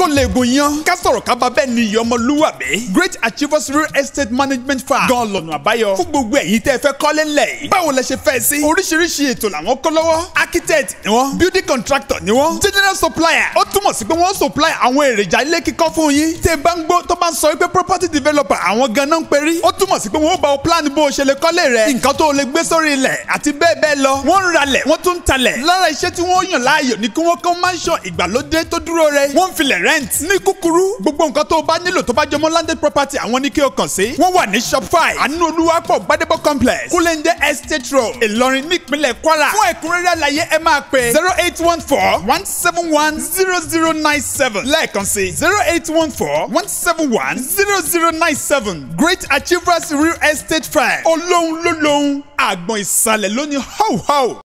kó lè gùn yan ká sọ̀rọ̀ ká bá bẹ́ẹ̀ ni ìyá ọmọlúwàbí great achievers real estate management firm gan lọ́nà àbáyọ fún gbogbo ẹ̀yin tẹ́ ẹ fẹ́ kọ́lé ńlẹ̀ yìí báwo lẹ ṣe fẹ́ sí oríṣiríṣi ètò làwọn kọ́ lọ́wọ́ architect ni wọ́n building contractor ni wọ́n general supplier ó túmọ̀ sí pé wọ́n supply àwọn èròjà ilé kíkọ́ fún yín tẹ́ bá ń gbọ́ tó bá ń sọ pé property developer àwọn ganan ń perí ó túmọ̀ sí pé wọ́n bá o plan bó o ṣe lè kọ́lé rẹ̀ nǹkan tó o lè gbé sórí ilẹ̀ àti bẹ́ẹ̀ bẹ́ẹ̀ lọ wọ́n ń ralẹ̀ wọ́n tún ń talẹ̀ lára iṣẹ́ tí wọ́n yàn láàyò ni kí wọ́n kọ́ mansion ìgbàlódé tó dúró rẹ̀ wọ́n ń filẹ̀ rẹ rent. ní kúkúrú gbogbo nǹkan tó o bá nílò tó bá jọmọ́ landed property àwọn ní kí o kàn sí. wọ́n wà ní shop five àánú olúwapọ̀ gbadebo complex kúlẹ̀ndé estate road ìlọrin nípínlẹ̀ kwara. fún ẹ̀kúnrẹ́rẹ́ àlàyé ẹ máa pè zero eight one four one seven one zero zero nine seven lẹ́ẹ̀kan sí zero eight one four one seven one zero zero nine seven great achievers real estate firm olóhùn lólóhùn àgbọn ìsàlẹ̀ lónìí how, how.